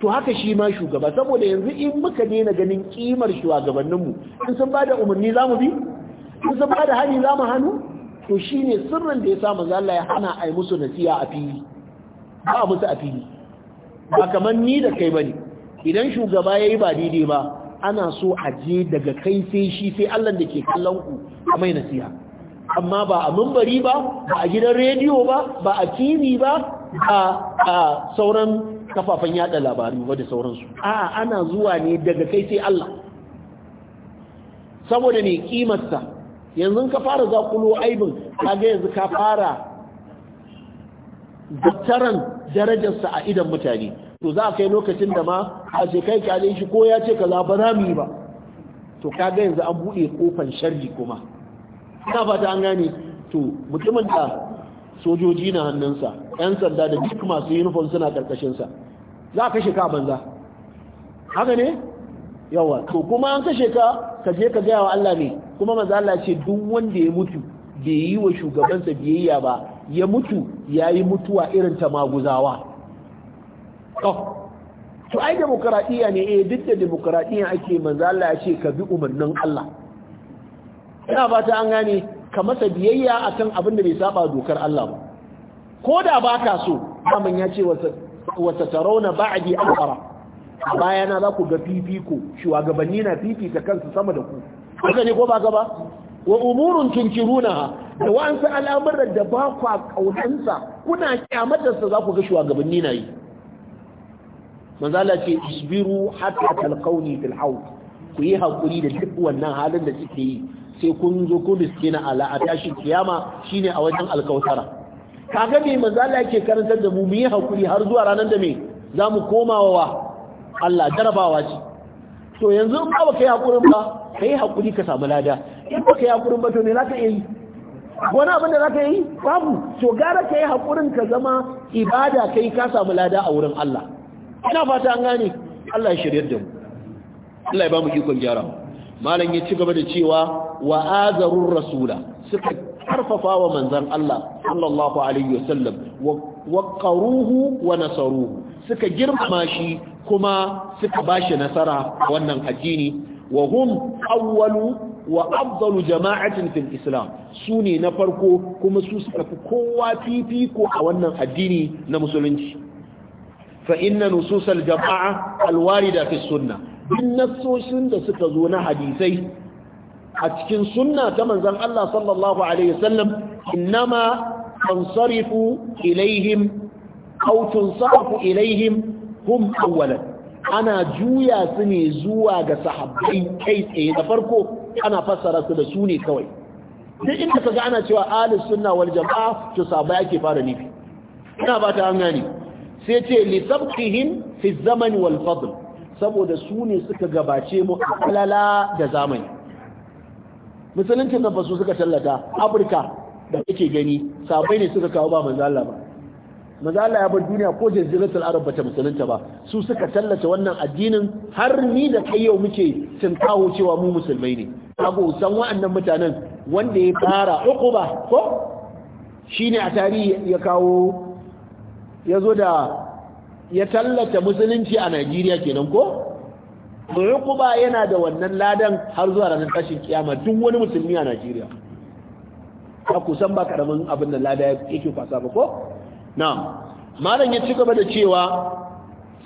to haka shi ma shugaba saboda yanzu in muka nena ganin kimar shugabanninmu in sun bada umarni za mu bi in sun bada hari za mu hannu to shi ne sirrin da ya sa maza Allah ya hana a yi musu nasiya a fili ba a musu a fili ba kamar ni da kai bane idan shugaba ya yi ba daidai ba ana so a je daga kai sai shi sai Allah da ke kallon ku a mai nasiha amma ba a mumbari ba ba a gidan rediyo ba ba a TV ba a sauran kafafen yada labaru ba da sauransu a ana zuwa ne daga kai sai Allah saboda ne kimarsa yanzu ka fara zakulo aibin kaga yanzu ka fara dattaran darajarsa a idan mutane to za a kai lokacin da ma a ce kai kyale shi ko ya ce za ba za mu yi ba to kaga yanzu an buɗe kofan sharri kuma ina fata an gane to mutumin da sojoji na hannunsa yan sanda da duk masu uniform suna karkashinsa za a kashe ka banza haka ne yawa to kuma an kashe ka ka je ka gaya wa Allah ne kuma manzo Allah ce duk wanda ya mutu bai yi wa shugabansa biyayya ba ya mutu yayi mutuwa irin ta maguzawa to ai demokradiya ne eh duk da demokradiya ake manzo Allah ya ce ka bi umarnin Allah ina fata an gane ka masa biyayya akan abin da bai saba dokar Allah ba ko da ba ka so amin ya ce wata tarauna ba'adi alfara a bayana za ku ga fifiko shugabanni na fifita kansu sama da ku haka ne ko ba ba wa umurun tunkirunaha da wa'ansu al'amuran da ba ku kaunansa kuna kyamatarsa za ku ga shugabanni na yi manzala ce isbiru hatta talqauni fil haut ku yi hakuri da duk wannan halin da suke yi sai kun zo ku miskina ala a tashin kiyama shine a wajen alkautara kaga mai manzo yake karantar da mu mu yi hakuri har zuwa ranar da me mu komawa wa Allah jarabawa ce to yanzu in ba yi hakurin ba yi hakuri ka samu lada in ba yi hakurin ba to za ka yi wani abin da ka yi babu to gara ka yi hakurin ka zama ibada kai ka samu lada a wurin Allah ina fata an gane Allah ya shiryar da mu Allah ya ba mu ikon gyara malam ya ci gaba da cewa wa azarur rasula suka karfafa wa manzon Allah sallallahu alaihi wasallam waqaruhu wa nasaruhu suka girmama shi kuma suka shi nasara wannan addini wa hum awwalu wa afdalu jama'atin fil islam sune na farko kuma su suka fi kowa fifiko a wannan addini na musulunci fa inna nususal jama'a alwarida fi sunna, duk nassoshin da suka zo na hadisai a cikin sunna ta manzon Allah sallallahu alaihi wasallam innama tansarifu ilaihim aw tunsarifu ilaihim hum awwalan ana juya su ne zuwa ga sahabbai kai tsaye da farko ana fassara su da su ne kawai duk inda kaga ana cewa ahlus sunna wal jamaa to sahabbai ake fara nufi ina ba ta an gane sai ce li sabqihim fi zaman wal fadl saboda su ne suka gabace mu alala da zamani musulunci na basu suka tallata afirka da kake gani sabai ne suka kawo ba Manzala ba Manzala ya bar duniya ko jazilatul arab bata musulunta ba su suka tallata wannan addinin har ni da kai yau muke kawo cewa mu musulmai ne abu san wa'annan mutanen wanda ya fara uquba ko shine a tarihi ya kawo ya zo da ya tallata musulunci a Najeriya kenan ko to ba yana da wannan ladan har zuwa ranar tashin kiyama duk wani musulmi a Najeriya ka kusan ba karamin abin da lada yake kwasa ba ko na'am malam ya ci gaba da cewa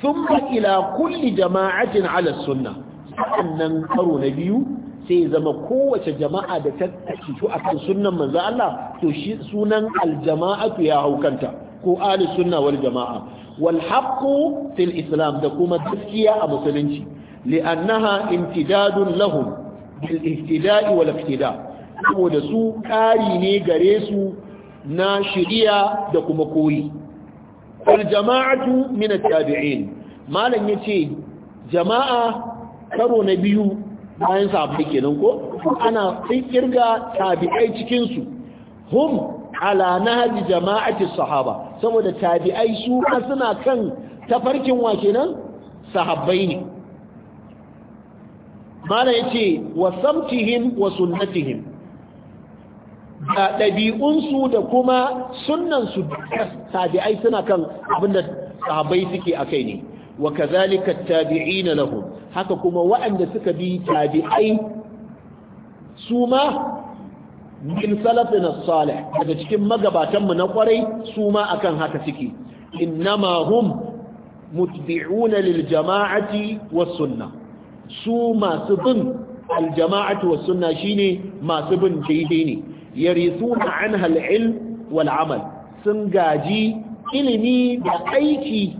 thumma ila kulli jama'atin ala sunna sannan karo na biyu sai zama kowace jama'a da ta a kan sunnan manzo Allah to shi sunan aljama'atu ya haukanta ko ala sunna wal jama'a wal haqqu fil islam da kuma gaskiya a musulunci li'annaha imtidadun lahum bil ihtida'i wal iftida saboda su kari ne gare su na shiriya da kuma koyi wal jama'atu min at-tabi'in malam yace jama'a karo na biyu bayan sahabbai kenan ko ana sai kirga tabi'ai cikin su hum ala nahji jama'ati sahaba saboda tabi'ai su suna kan tafarkin wa kenan sahabbai ne mana yace wa samtihim wa sunnatihim da ɗabi'unsu da kuma sunnansu tabi'ai suna kan abinda sahabbai suke akai ne wa kazalika tabi'ina lahum haka kuma waɗanda suka bi tabi'ai su ma min salafina salih daga cikin magabatanmu na kwarai su ma akan haka suke innama hum mutbi'una lil jama'ati was sunnah su masu bin aljama'atu wa sunna shine masu bin daidai ne yarisuna anha al-ilm wal amal sun gaji ilimi da aiki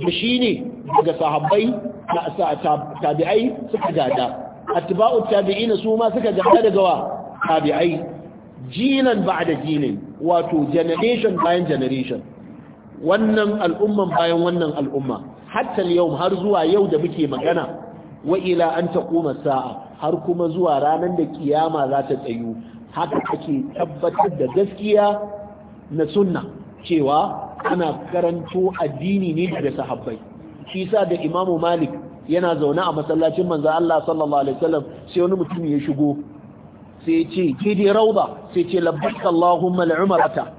da shine daga sahabbai da tabi'ai suka gada atba'u tabi'ina su ma suka gada daga wa tabi'ai jilan ba'da jilin wato generation bayan generation wannan al'umman bayan wannan al'umma hatta yau har zuwa yau da muke magana wa ila an koma sa'a har kuma zuwa ranar da kiyama za ta tsayu haka ake tabbatar da gaskiya na sunna cewa ana karanto addini ne daga sahabbai shi sa da imamu malik yana zaune a masallacin manzo Allah sallallahu alaihi wasallam sai wani mutum ya shigo sai ce ke dai rauda sai ce labbaika Allahumma al'umrata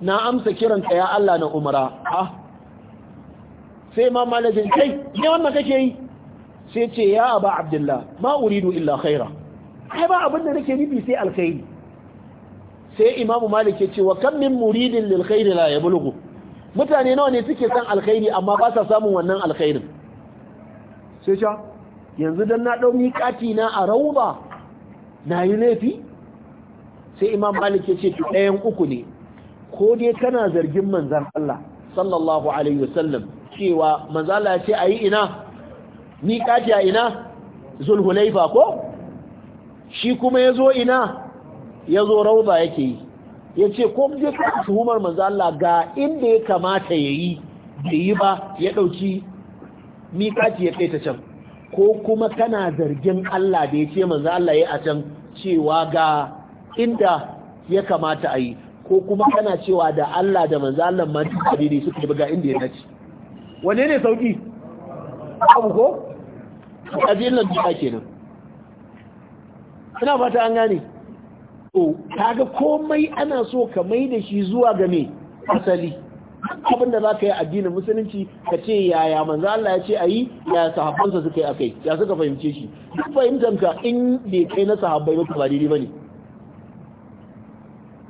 na amsa kiran ya Allah na umara ah sai ma malik ya kai me wannan kake yi sai ce ya aba abdullah ma uridu illa khaira ai ba abin da nake nufi sai alkhairi sai imam malik ya ce wa kam min muridin lil khairi la yablughu mutane nawa ne suke san alkhairi amma ba sa samun wannan alkhairin sai ce yanzu dan na dau miƙati na a rauba na yi laifi sai imam malik ya ce ɗayan uku ne ko dai kana zargin manzan Allah sallallahu alaihi wasallam cewa manzala ya ce a yi ina miƙati a ina zulhulaifa ko shi kuma ya zo ina ya zo rauba yake yi ya ce ko zai su Umar manzala ga inda ya kamata ya yi bai yi ba ya ɗauki miƙaci ya kai ta can ko kuma kana zargin Allah da ya ce manzo Allah ya a can cewa ga inda ya kamata a yi ko kuma kana cewa da Allah da manzo Allah ma duk abin suka yi ga inda ya naci. wane ne sauki abu ko ajiyar ke kenan ina fata an gane Ta ga komai ana so ka mai da shi zuwa ga asali abin da za ka yi addinin musulunci ka ce yaya manzo Allah ya ce ayi ya sahabbansa suka yi akai ya suka fahimce shi duk fahimtar ka in bai kai na sahabbai ba ba daidai bane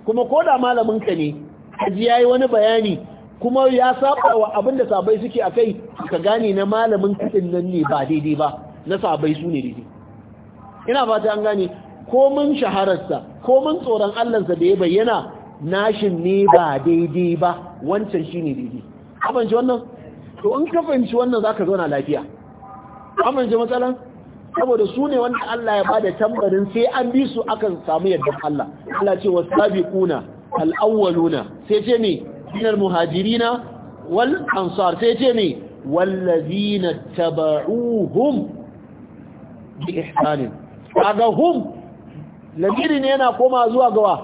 kuma ko da malamin ka ne kaji yayi wani bayani kuma ya saba wa abin da sabai suke a kai ka gane na malamin kaɗin nan ne ba daidai ba na sabai su ne daidai ina fata an gane komin shahararsa komin tsoron allansa da ya bayyana nashin ne ba daidai ba wancan shi ne daidai amince wannan to in ka fahimci wannan za ka zauna lafiya amince matsalan saboda su ne wanda Allah ya ba da tambarin sai an bi su akan samu yadda Allah Allah ce wasabiquna al-awwaluna sai ce ne min al-muhajirina wal ansar sai ce ne wallazina tabauhum bi ihsanin kaga hum lamiri ne yana koma zuwa gawa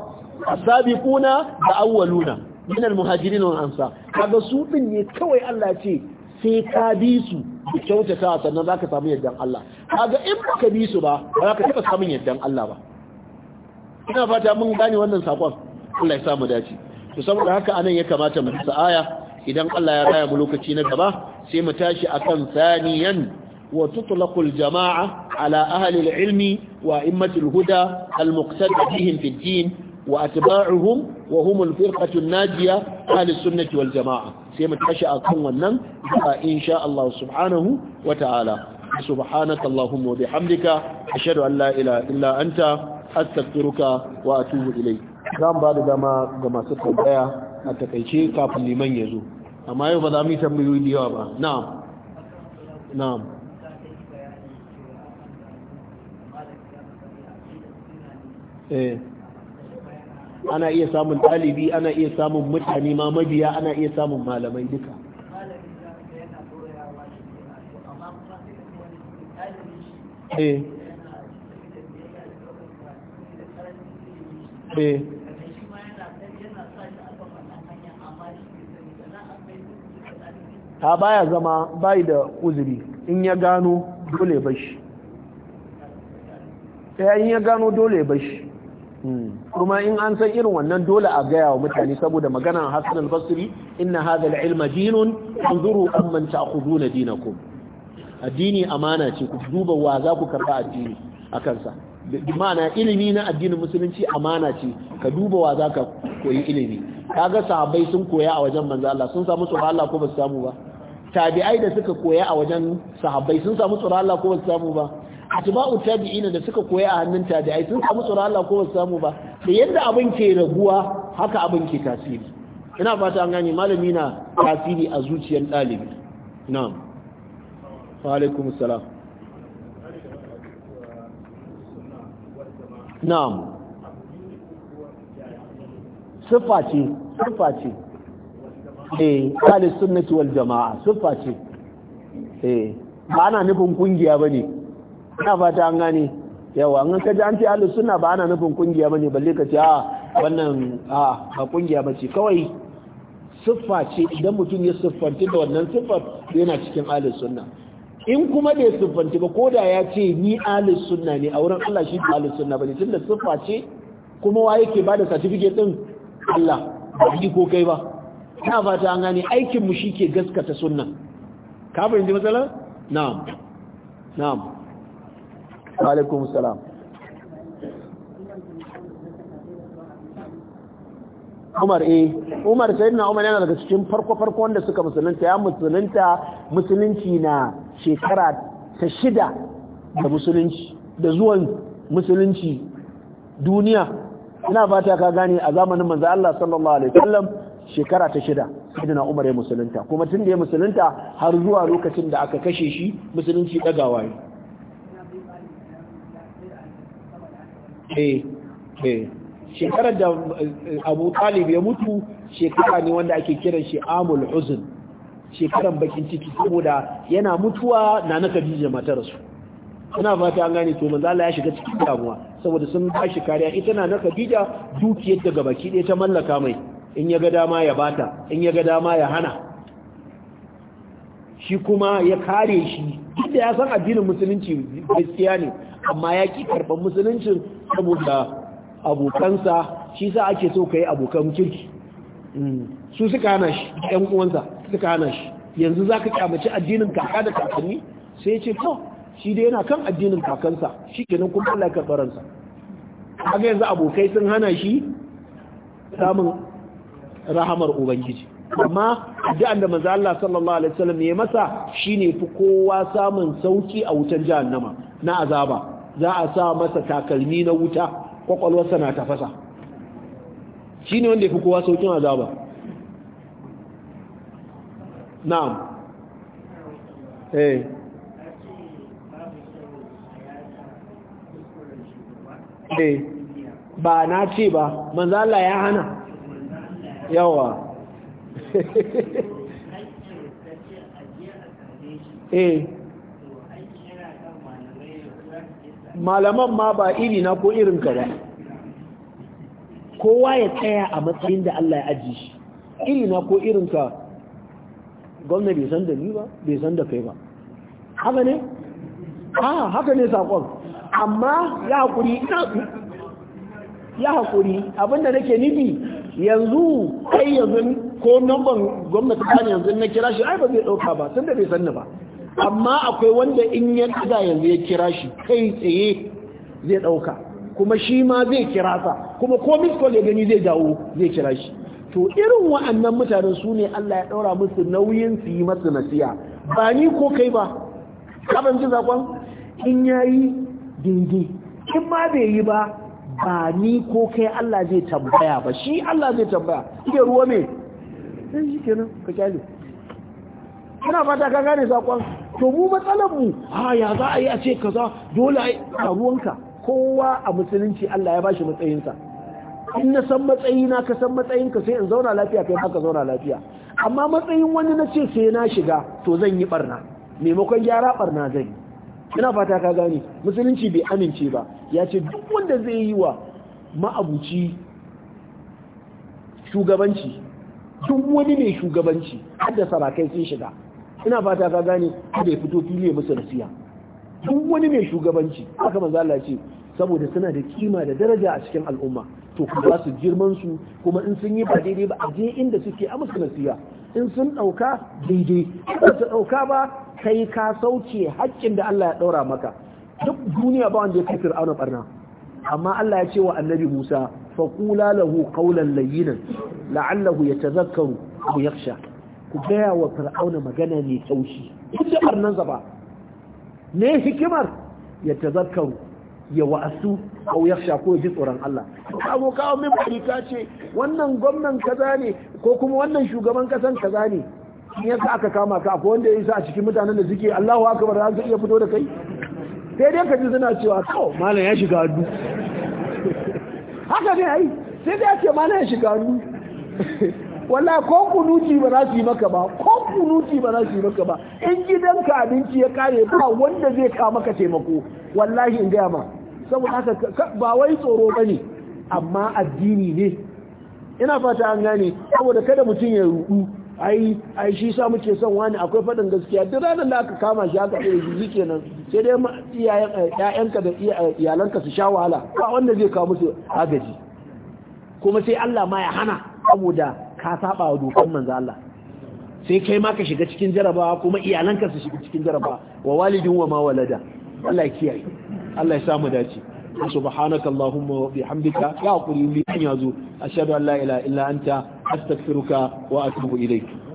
asabiquna da awwaluna min al-muhajirin wal ansar kaga su ɗin ne kawai Allah ce sai ka bi su da kyautata sannan zaka samu yaddan Allah kaga in baka bi su ba ba zaka taba samun yaddan Allah ba ina fata mun gane wannan sakon Allah ya samu dace to saboda haka anan ya kamata mu sa aya idan Allah ya raya mu lokaci na gaba sai mu tashi akan saniyan wa tutlaqul jama'a ala ahli al-ilmi wa immatul huda al-muqtada bihim fi din wa atba'uhum wa hum al najiya ahli sunnati wal jama'a sai mu tashi akan wannan insha Allah subhanahu wa ta'ala سبحانك اللهم وبحمدك أشهد أن لا إله إلا أنت أستغفرك وأتوب إليك za mu ba da dama ga masu tambaya a takaice kafin liman ya zo amma yau ba za mu yi tambayoyi da yawa ba na'am na'am eh ana iya samun ɗalibi ana iya samun mutane ma mabiya ana iya samun malamai duka eh eh ta baya zama bai da uzuri in ya gano dole bashi sai in ya gano dole bashi hmm. kuma in an san irin wannan dole a gaya wa mutane saboda maganar hasan al-Basri inna hadha al-ilma dinun anzuru amman ta'khuduna dinakum addini amana ce ku duba wa za ku karba addini akan sa ma'ana ilimi na addinin musulunci amana ce ka duba wa za ka koyi ilimi kaga sahabbai sun koya a wajen manzo Allah sun samu tsoron Allah ko ba su samu ba tabi'ai da suka koya a wajen sahabbai sun samu tsoron Allah ko ba samu ba atba'u tabi'ina da suka koya a hannun tabi'ai sun samu tsoron Allah ko ba samu ba da yadda abin ke raguwa haka abin ke tasiri ina fata an gane malami na tasiri a zuciyar dalibi na'am wa alaikum assalam na'am sifa ce sifa ce eh sunnati wal jamaa sufa ce eh ba ana nufin kungiya bane ina fata an gane yawa an ka ji an ce ahli sunna ba ana nufin kungiya bane balle ka ce a ah, wannan a ah, ba kungiya bace kawai siffa ce idan mutum ya siffanci da wannan siffar yana cikin ahli sunna in kuma da ya siffanci ba ko da ya ce ni ahli sunna ne a wurin Allah shi ba ahli sunna bane tunda siffa ce kuma wa yake bada certificate din Allah ba ko kai ba ta fata an gane aikin mu shike gaskata sunna ka fahimci matsalar na'am na'am wa alaikum salam Umar eh Umar sayyidina Umar yana daga cikin farko farko wanda suka musulunta ya musulunta musulunci na shekara ta shida da musulunci da zuwan musulunci duniya ina fata ka gane a zamanin manzo Allah sallallahu alaihi wasallam shekara ta shida sayyidina Umar ya musulunta kuma tun da ya musulunta har zuwa lokacin da aka kashe shi musulunci dagawa ne eh eh shekarar da eh, Abu Talib ya mutu shekara ne wanda ake kiran shi Amul Huzn shekaran bakin ciki saboda yana mutuwa na na Khadija matar ina fata an gane to manzo Allah ya shiga cikin damuwa saboda sun ba shi kariya ita na na Khadija dukiyar daga baki ɗaya ta mallaka mai in ya ga dama ya bata in ya ga dama ya hana shi kuma ya kare shi Inda ya san addinin musulunci gaskiya ne amma ya ki karɓar musuluncin saboda abokansa shi sa ake so ka yi abokan kirki mm. su suka hana shi ‘yan uwansa suka hana shi yanzu za ka kyamaci addinin kaka da kakanni sai ce to shi dai yana kan addinin kakansa shi kenan kuma Allah ya karɓaransa haka yanzu abokai sun hana shi samun rahamar ubangiji amma addu'an da manzo Allah sallallahu alaihi wasallam ya masa shine fi kowa samun sauki a wutan jahannama na azaba za a sa masa takalmi na wuta kwakwalwarsa na tafasa shine wanda ya fi kowa saukin azaba na'am eh, eh. ba na ce ba manzo Allah ya hana yawa eh malaman ma ba iri na ko irin ka ba kowa ya tsaya a matsayin da Allah ya aji shi iri na ko irin ka gwamna bai san da ni ba bai san da kai ba haka ne ha ah, haka ne sakon amma ya hakuri ya hakuri abinda nake nufi yanzu kai yanzu ko namban gwamnati kan yanzu na kira shi ai ba zai dauka ba tunda bai sanni ba amma akwai wanda in ya kaza yanzu ya kira shi kai tsaye zai dauka kuma shi ma zai kira sa kuma ko miskol ya gani zai dawo zai kira shi to irin wa'annan mutanen su ne Allah ya daura musu nauyin su yi masa nasiya ba ni ko kai ba kaban ji zakon in yayi daidai in ma bai yi ba ba ni ko kai Allah zai tambaya ba shi Allah zai tambaya ke ruwa me sai shi kenan ka kyale kana fata ka gane sakon to mu matsalar mu ha ya za a yi a ce kaza dole a ruwanka kowa a musulunci Allah ya ba bashi matsayinsa in na san matsayi na ka san matsayinka sai in zauna lafiya kai haka zauna lafiya amma matsayin wani na ce sai na shiga to zan yi barna maimakon gyara barna zan yi ina fata ka gane musulunci bai amince ba ya ce duk wanda zai yi wa ma'abuci shugabanci duk wani mai shugabanci har da sarakai sun shiga ina fata ka gane kada ya fito fili ya musu nasiya duk wani mai shugabanci haka manzo ce saboda suna da kima da daraja a cikin al'umma to ku ba su girman su kuma in sun yi ba daidai ba a je inda suke a musu nasiya in sun dauka daidai ba sun dauka ba kai ka sauke haƙƙin da Allah ya ɗaura maka duk duniya ba wanda ya kai fir'auna ɓarna. amma Allah ya ce wa annabi Musa faqula lahu qawlan layyinan la'allahu yatadhakkaru aw yakhsha ku gaya wa fir'auna magana mai taushi duk da barnan ba ne hikimar yatadhakkaru ya wa'asu aw yakhsha ko ji tsoron Allah abokawo min barika ce wannan gwamnan kaza ne ko kuma wannan shugaban kasan kaza ne in yanka aka kama ka akwai wanda ya sa a cikin mutanen da suke Allahu akbar an ka iya fito da kai sai dai ka ji suna cewa to malam ya shiga hannu haka ne ai sai dai ce malam ya shiga hannu wala ko kunuti ba za su yi maka ba ko kunuti ba za su yi maka ba in gidanka abinci ya kare ba wanda zai ka maka taimako wallahi in gaya ma saboda haka ba wai tsoro bane amma addini ne ina fata an gane saboda kada mutum ya rudu ai ai shi sa muke son wani akwai faɗin gaskiya duk ranar da aka kama shi aka tsaye shi kenan sai dai eh, ka da eh, iyalanka su sha wahala ba wanda zai kawo musu agaji kuma sai Allah ma ya hana saboda ka saba wa dokan manzo Allah sai kai ma ka shiga cikin jarabawa kuma iyalanka su shiga cikin jarabawa wa walidin wa ma walada Allah ya kiyaye Allah ya samu dace subhanaka allahumma wa bihamdika ya hakuri ni an yazo ashhadu an la ilaha illa anta astaghfiruka wa atubu ilayk